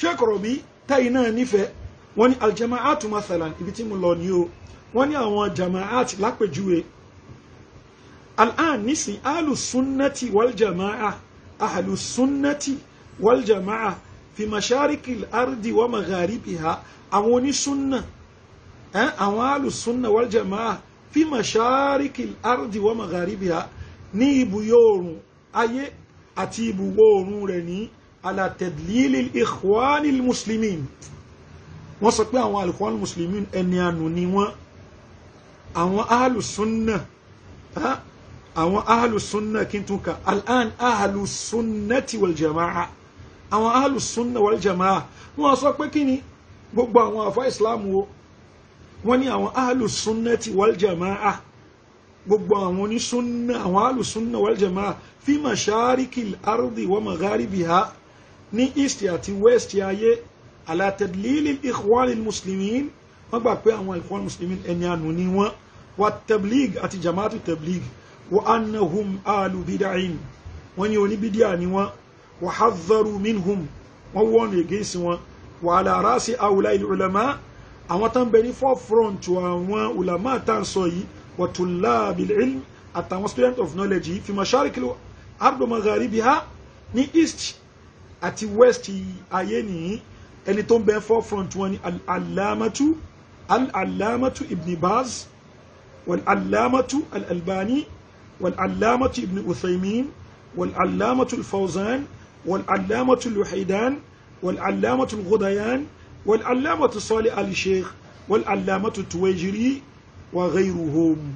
sheikh robi táyì náà nífẹ̀ẹ́ wọ́n ní aljamaat mathalan ibi tí mo lọ ní o wọ́n ní àwọn jamaat lápèjúwe al'an nísìn alùsúnnàtì wàljama'a alùsúnnàtì wàljama'a fi mashariki ardi wa magharibiha àwọn onísúnnà eh, àwọn alùsúnnà wàljama'a fi mashariki ardi wa magharibiha ní ibùyọ oòrùn ayé àti ibùwọ̀ oòrùn rẹ̀ ní على تدليل الإخوان المسلمين، wọ́n sọ pé àwọn al-ikhwanil muslimin ẹni ànú ni wọ́n àwọn ahàlùsúnnà àwọn ahàlùsúnnà kí n tún ka al'an ahàlùsúnnati wal jama'a àwọn ahàlùsúnnà wal jama'a wọ́n sọ pé kí ni gbogbo àwọn àfá ìsìláàmù o wọ́n ní àwọn ahàlùsúnnati wal jama'a gbogbo àwọn onísúnnà àwọn ahàlùsúnnà wal jama'a fi masharikil ardi wa magharibiha ní east àti west ayé ala tadlil al-ikhwan al-muslimin wọ́n gbà pé àwọn ikhwan muslimin ẹni àánú ni wọ́n wa tablig àti jamaatu tablig wa annahum alu bid'in wọ́n ní oníbídíà ni wọ́n wa hadharu minhum wọ́n wọ́n against wọn wa ala rasi awla ulama àwọn tán bẹ ní forefront àwọn ulama tá sọ yìí wa tullab al àtàwọn student of knowledge yìí fi masharikil ardu magharibiha ní east àti west ayé nìyí ẹni tó ń bẹ forefront wọn ni al-alamatu al-alamatu ibn baz wal-alamatu al-albani wal-alamatu ibn uthaymin wal-alamatu al-fawzan wal-alamatu al wal-alamatu al wal-alamatu salih al wal-alamatu tuwejiri wa ghayruhum.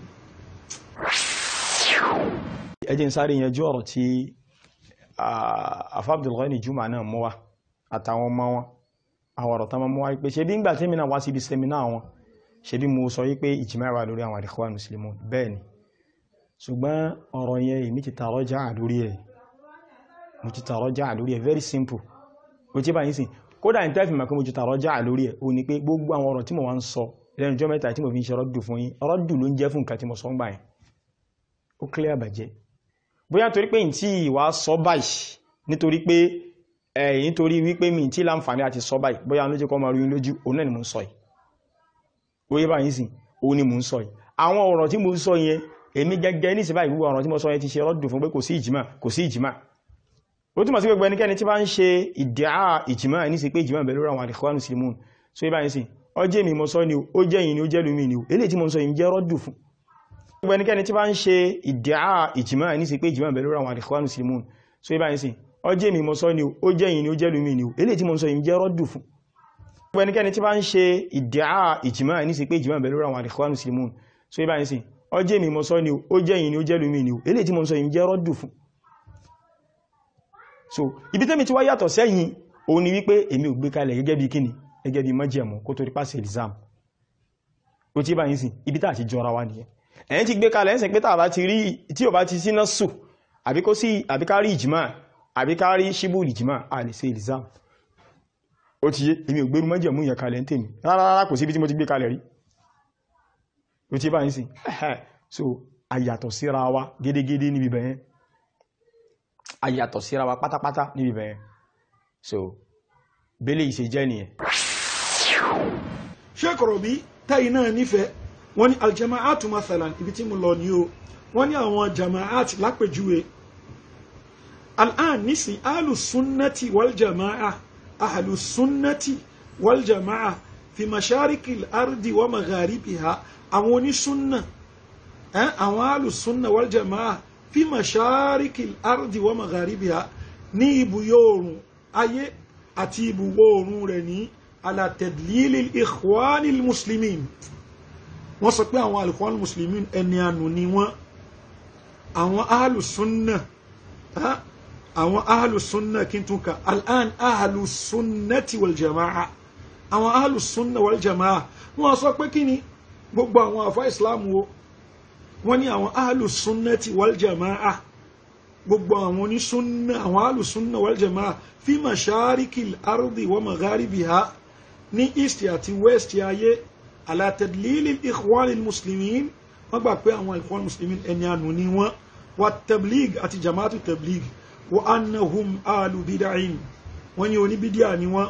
ẹ jẹ́ n sáré yanjú ọ̀rọ̀ tí afábdùlgọ́ni juma náà mọ́ wa àtàwọn ọmọ wọn àwọn ọ̀rọ̀ tán mọ́ wa pé ṣe bí ń gbà tí mìíràn wá sí ibi sẹ́mínà wọn ṣe bí mo sọ wípé ìjìmára lórí àwọn àdìkọ́wà mùsùlùmí bẹ́ẹ̀ ni ṣùgbọ́n ọ̀rọ̀ yẹn èmi ti tààrọ́ já àlórí ẹ̀ mo ti tààrọ́ já àlórí ẹ̀ very simple ó ti bá yín sìn kódà ní tẹ́fì màkí mo ti tààrọ́ já àlórí ẹ̀ ó ní pé gbogbo àwọn ọ̀rọ̀ tí mo wá ń sọ lẹ́nu jọ́ mẹ́ta tí mo fi ń ṣe rọ́dù fún yín rọ́dù ló ń jẹ́ fún nǹkan tí mo sọ ń gbà yẹn ó clear bàjẹ́ bóyá nítorí pé n tí ìwà sọ báyìí nítorí pé ẹ̀yìn nítorí wípé mi tí láǹfààní àti sọ báyìí bóyá ló jẹ́ kọ́ máa rí lójú òun náà ni mò ń sọ yìí oyè báyìí sìn òun ni mò ń sọ yìí àwọn ọ̀rọ̀ tí mo ń sọ yẹn èmi gẹ́gẹ́ ní ìsìnbáyìí gbogbo ọ̀rọ̀ tí mo sọ yẹn ti ṣe rọ́dùn fún pé kò sí ìjìmá kò sí ìjìmá ó túnmọ̀ sí gbogbo ẹnikẹ́ni tí bá ń ṣe ìdíá ìjìmá ní sí pé ìjìmá bẹ̀rẹ̀ àwọn àdìkọ́wà ní sílmùn so ibáyìí sí ọjẹ́ mi mo sọ ni ó jẹ́yìn ni ó jẹ́lú mi ni ó eléyìí tí mo sọ yìí jẹ́ rọ́dù fún gbogbo ẹnikẹ́ni tí bá ń ṣe ìdíà ìjìmá ní sí pé ìjìmá bẹ̀rẹ̀ àwọn àdìkọ́wà mùsùlùmí so ibá ìsìn ọjẹ́ mi mọ́ sọ ni ó jẹ́ yìí ni ó jẹ́ lómi ni eléyìí tí mo sọ yìí jẹ́ rọ́dù fún gbogbo ẹnikẹ́ni tí bá ń ṣe ìdíà ìjìmá ní sí pé ìjìmá bẹ̀rẹ̀ àwọn àdìkọ́wà mùsùlùmí so ibá ìsìn ọjẹ́ mi mọ́ sọ ni ó jẹ́ yìí ni ó jẹ́ lómi ni eléyìí tí mo sọ yìí jẹ́ rọ́dù fún so ibi tẹ́mi tí wá yàtọ̀ sẹ́yìn òun ni wípé èmi ò gbé kalẹ̀ gẹ́gẹ́ bí kíni gẹ́gẹ́ bí májẹ̀mú kó torí pàṣẹ exam ó tí bá yìí sìn ibi tá àti jọra wa nìyẹn ẹ̀yìn ti gbé kalẹ̀ ẹ̀sìn pé tàbá ti rí tí ò bá ti sí násù àbí kó sí àbí ká rí ìjìmá àbí ká rí ṣíbù ìjìmá a lè ṣe ìlìsáàmù ó ti yé èmi ò gbérú mọ́jẹ̀mú ìyẹn kalẹ̀ ń tèmi rárá rárá kò sí ibi tí mo ti gbé kalẹ̀ rí ó ti bá ń sìn so àyàtọ̀ síra wa gédégédé níbi bẹ̀yẹn àyàtọ̀ síra wa pátápátá níbi bẹ̀yẹn so bẹ́lẹ̀ ìṣe jẹ́ nìyẹn ṣé kọ̀rọ̀ bí táyì náà nífẹ̀ẹ́ wọ́n ní aljamaatu mathalan ibi tí mo lọ ní o wọ́n ní àwọn jamaat lápèjúwe al'an nísìn alùsúnnàtì wàljama'a alùsúnnàtì wàljama'a fi mashariki ardi wa magharibiha àwọn onísúnnà àwọn alùsúnnà wàljama'a fi mashariki ardi wa magharibiha ní ibùyọ oòrùn ayé àti ibùwọ̀ oòrùn rẹ̀ ní ala ikhwanil muslimin wọ́n sọ pé àwọn alùpùpù mùsùlùmí ẹni àánú ni wọ́n àwọn ahàlùsúnnà àwọn ahàlùsúnnà kí n tún ka al'an ahàlùsúnnàti wàljama'a àwọn ahàlùsúnnà wàljama'a wọ́n sọ pé kí ni gbogbo àwọn àfá islam wo wọ́n ní àwọn ahàlùsúnnàti wàljama'a gbogbo àwọn onísúnnà àwọn ahàlùsúnnà wàljama'a fi masharikil ardi wa magharibiha ní east àti west ayé ala tadlil ikhwan muslimin wọ́n gbà pé àwọn ikhwan muslimin ẹni àánú ni wọ́n wa tablig àti jamaatu tablig wa annahum alu bid'in wọ́n ní oníbídíà ni wọ́n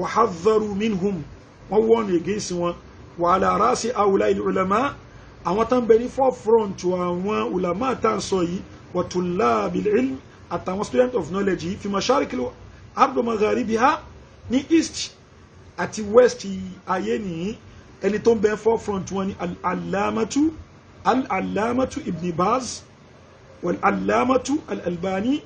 wa hadharu minhum wọ́n wọ́n against wọn wa ala rasi awla ulama àwọn tán bẹ ní forefront àwọn ulama tá sọ yìí wa tullabil ilm àtàwọn student of knowledge yìí fi masharikil ardu magharibiha ní east àti west ayé nìyí ẹni tó ń bẹ forefront wọn ni al-allamatu al-allamatu ibn baz wal-allamatu al-albani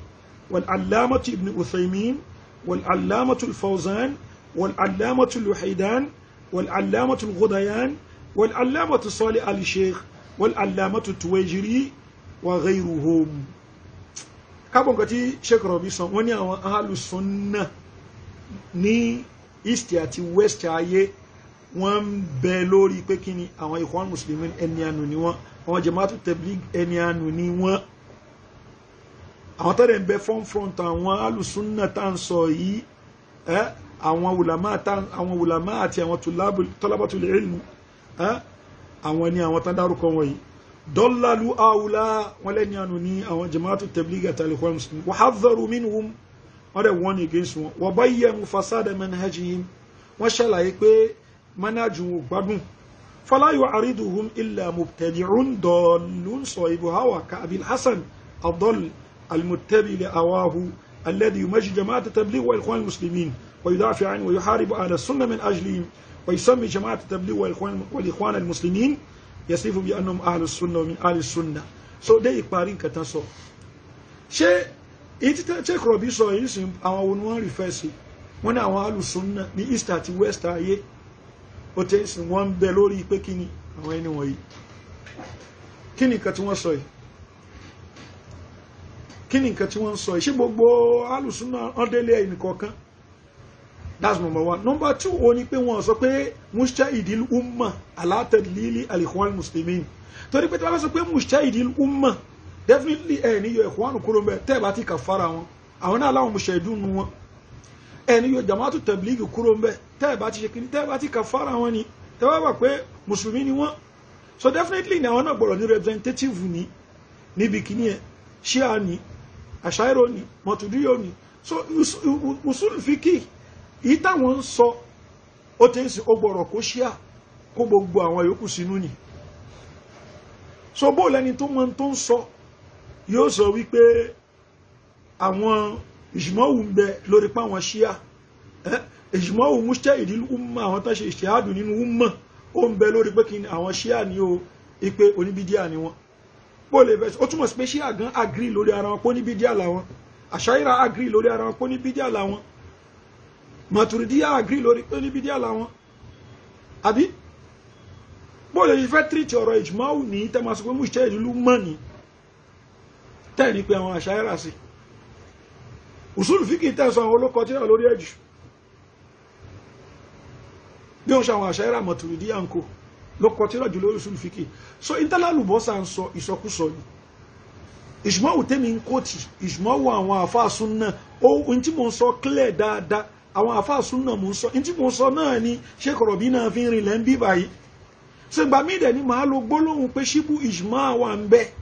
wal-allamatu ibn uthaymin wal-allamatu al-fawzan wal-allamatu al-luhaydan wal-allamatu al-ghudayan wal-allamatu salih al-sheikh wal-allamatu tuwejiri wa ghayruhum kábọ̀n kan tí sheikh rabi san wọ́n àwọn ahalu sunna ní east àti west ayé wọ́n ń bẹ lórí pé kí ni àwọn ikhwan muslimin ẹni àánú ni wọ́n àwọn jamaatu tabligh ẹni àánú ni wọ́n àwọn tó dẹ̀ ń bẹ fọ́nfọ́n tán àwọn alùsùnà tá à ń sọ yìí ẹ́ àwọn wùlámà tá àwọn wùlámà àti àwọn tọ́lábàtúlì ilmu ẹ́ àwọn ni àwọn tán dárúkọ wọn yìí dọ́làlú àwùlá wọn lẹ́ni àánú ni àwọn jamaatu tabligh àtàlẹ́ ikhwan muslimin wa hadharu minhum wọ́n dẹ̀ warn against wọn wa bayyanu fasada manhajihim wọ́n ṣàlàyé pé manhaju wọn gbádùn fọláyọ àrídùhùn ilà mubtadi'un dọ̀ọ̀lùn sọ ibò hawa ka abil hasan abdul almuttabi li awahu alladhi yumashi jama'at tabligh wa ikhwan muslimin wa yudafi an wa yuharibu ahla sunna min ajlihim wa yusammi jama'at tabligh wa ikhwan wa ikhwan almuslimin bi annahum ahlu sunna min ahli sunna so dé ìparí nǹkan tán sọ ṣé ìtí check rọ̀bì sọ èyí sìn àwọn wo ni wọ́n rìfẹ́ sí wọ́n ní àwọn alùsùn náà ní east àti ó tẹ́ ìsìn wọ́n ń bẹ lórí pé kí ni àwọn ẹni wọ̀nyí kí ni nǹkan tí wọ́n sọ yìí kí ni nǹkan tí wọ́n ń sọ yìí ṣé gbogbo alùsùnà ọ̀dẹ́lẹ̀ ẹ̀yìn that's number one number two ó ní pé wọ́n sọ pé mustahidil umma alátẹ̀lílì alikhwan muslimin torí pé tí wọ́n sọ pé mustahidil umma definitely ẹ̀ níyọ ikhwan kúrò mbẹ́ tẹ́ẹ̀ bá ti kà fara wọn àwọn náà láwọn mùsàìdùn nu wọn ẹni yóò jamaatu tablighi kúrò ń bẹ tẹ́ ẹ bá ti ṣe kí ni tẹ́ ẹ bá ti wọn ni tẹ́ wà pé mùsùlùmí ni wọ́n so definitely ni àwọn náà gbọ́dọ̀ ní representative ni níbi kíní ẹ ṣíà ni àṣàyẹ̀rọ ni mọ̀tòdúyọ̀ ni so usulufiki yìí táwọn ń sọ ó ti ń sin ó gbọ́dọ̀ kó ṣíà kó gbogbo àwọn yòókù sínú ni so bó lẹni tó mọ tó ń sọ yóò sọ wípé àwọn ìjùmọ̀wù ń bẹ lórí pa àwọn ṣíà ìjùmọ̀wù mujtahidi umma àwọn tó ṣe ìṣẹ́hàdù nínú umma ó ń bẹ lórí pé kí ni àwọn ṣíà ni o ipe oníbídíà ni wọn bó lè ó túmọ̀ sí pé ṣíà gan agri lórí ara wọn pé oníbídíà làwọn àṣàyíra agri lórí ara wọn pé oníbídíà làwọn màtúrídíà agri lórí pé oníbídíà làwọn àbí bó lè fẹ́ tírìtì ọ̀rọ̀ ìjùmọ̀wù ní tẹ́ máa sọ pé mujtahidi umma ni tẹ́ẹ̀ ní pé àwọn àṣàyíra sí i usulu fíkì tẹ̀sán àwọn olókọ tí wà lórí ẹ̀jù bí wọ́n ṣe àwọn àṣà ẹ̀rà mọ̀tòrìdí à ń kó lókọ tí rọ̀jù lórí usulu fíkì so ìtàlálùbọ́sà ń sọ ìsọkúsọ yìí ìṣùmọ̀wò tẹ́mi ń kóòtì ìṣùmọ̀wò àwọn àfáàsùn náà ohun tí mò ń sọ clear dáadáa àwọn àfáàsùn náà mò ń sọ ohun tí mò ń sọ náà ni ṣé kọ̀rọ̀bí náà fi ń rìn lẹ́ báyìí ṣùgbọ́n mi dẹ̀ ni màá lo gbólóhùn pé ṣíbù ìṣùmọ̀ àwọn à